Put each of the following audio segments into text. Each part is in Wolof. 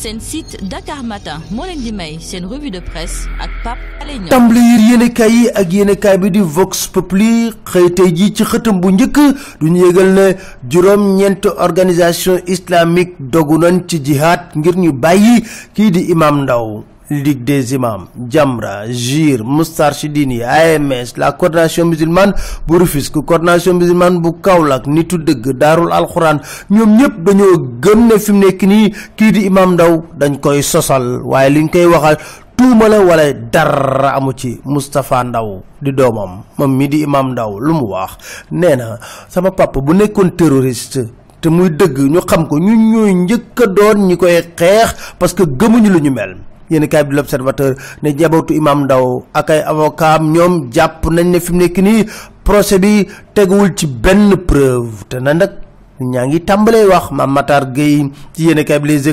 seen site Dakar Matin moo leen di seen revue de presse ak Pape yi ak yéenekaay bi di Vox Populi xëy tey jii ci xëtam bu njëkk du ñu yëgal ne juróom ñeent organisation islamique dogu ci jihaad ngir ñu bàyyi kii di Imam Ndaw Ligue des imams Jamra JIR dini AMS la coordination musulmane bu Rufisque coordination musulmane bu Kaolack nitu dëgg daarul alxuraan ñoom ñëpp dañoo gën ne fi mu nekk nii kii di imam ndaw dañ koy sosal waaye li liñ koy waxal tuuma wala dara amu ci Moustapha Ndao di doomam moom mii di imam Ndao lu mu wax nee na sama papa bu nekkoon terroriste te muy dëgg ñu xam ko ñu ñooy njëkk a doon ñi koy xeex parce que gëmuñu lu ñu mel. yéen kaay bi l'observateur ne njabootu imam Ndao ak ay avocat ñoom jàpp nañ ne fi mu nekk nii procès bi teguwul ci benn preuve te na nag ñaa ngi tàmbalee wax ma Matar Gueye ci yéen kaay bi Les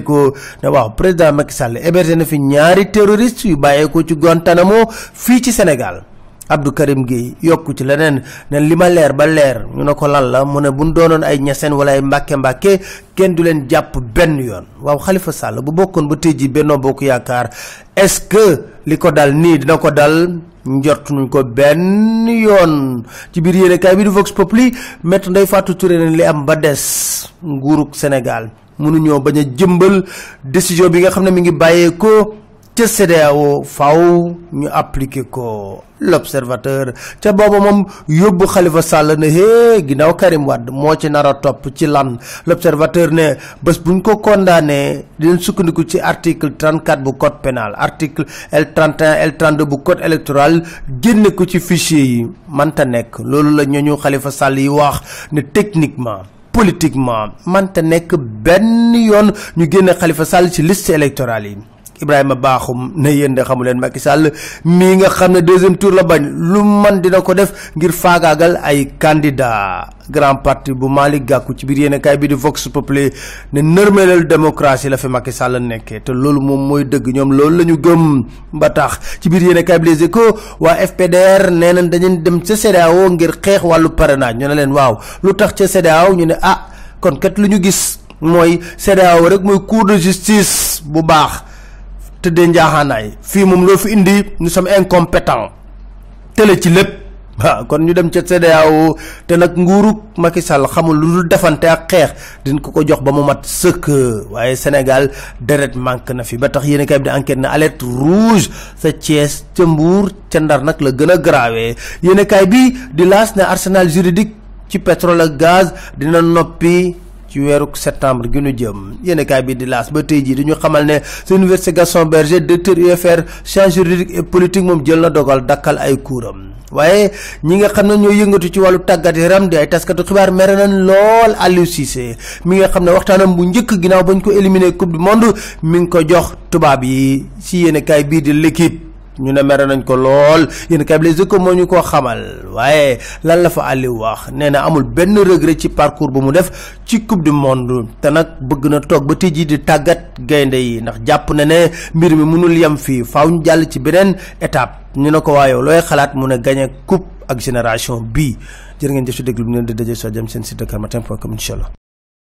ne waaw président Macky Sall hébergé na fi ñaari terroriste yu bàyyeekoo ci Guantanamo fii ci Sénégal Abdou Karim Guèye yokku ci leneen ne li ma leer ba leer ñu ne ko lan la mu ne bu ñu doonoon ay ñaseen wala ay mbàkke mbàkke kenn du leen jàpp benn yoon waaw xalifa sàll bu bokkoon ba tey jii Benno Bokk Yaakaar est-ce que li ko dal nii dina ko dal njort nuñ ko benn yoon ci biir yéenekaay bi di Vox Populi Maître Ndeye Fatou Touré ne li am ba des nguurug senegal mënuñoo bañ a jëmbal décision bi nga xam ne mu ngi bàyyeekoo. ca CEDEAO faw ñu appliqué ko l'observateur ca booba moom yóbbu Khalifa Sall ne hee ginnaaw Karim moo ci nar a topp ci lan l'observateur ne bés buñ ko condamné dinañ sukkandiku ci article 34 bu code pénal article L 31 L bu code électoral génne ko ci fichier yi manta nekk loolu la ñu Khalifa Sall yi wax ni techniquement. politiquement manta nekk benn yoon ñu génne xalifa Sall ci liste électorale yi Ibrahima baaxum ne yéen de xamu leen Macky Sall mii nga xam ne deuxième tour la bañ lu man dina ko def ngir faagaagal ay candidat grand parti bu maali Gakou ci biir yéen bi di Vox Populi ne nërmeelal démocratie la fi Macky Sall nekkee te loolu moom mooy dëgg ñoom loolu la ñu gëm ba tax ci biir yéen kaay bi Les Échos waa FPDR nee nañ dañu dem ca CEDEAO ngir xeex wàllu pare parrainage ñu ne leen waaw lu tax ca CEDEAO ñu ne ah kon kat lu ñu gis mooy CEDEAO rek mooy cour de bu baax tëddee njaaxaanaay fii moom loo fi indi nous sommes incompétents tële ci lépp kon ñu dem ca CEDEAO te nag nguuru Macky Sall xamul lu dul defante ak xeex din ko ko jox ba mu mat sëkk waaye Sénégal deret manque na fi ba tax yéen kay bi di enquête na alerte rouge sa Thiès ca Mbour ca Ndar nag la gën a graawee yéen bi di laas ne arsenal juridique ci pétrole ak gaz dina noppi ci weeru septembre gi ñu jëm yéenekaay bi di laas ba tey jii di ñu xamal ne sa université Gaston Berger directeur UFR sciences juridiques et politique moom jël na dogal dakkal ay kuuram waaye ñi nga xam ne ñoo yëngatu ci wàllu tàggat yaram di ay taskatu xibaar mere nañ lool Aliou Cissé mi nga xam ne waxtaanam bu njëkk ginnaaw bañ ko éliminer coupe du monde mi ngi ko jox tubaab yi ci yéenekaay bii di l'équipe ñu ne mere nañ ko lool yéen kay les échos moo ñu ko xamal waaye lan la fa Aliou wax nee na amul benn regret ci parcours bu mu def ci coupe du monde te nag bëgg na toog ba tijji di tàggat gaynde yi ndax jàpp na ne mbir mi mënul yem fii faaw ñu jàll ci beneen étape ñu ne ko waaye looy xalaat mu ne gagné coupe ak génération bii jërë ngeen jëf si déglu bi ngeen di daje soo jëm seen site dakarmatin.com incha allah.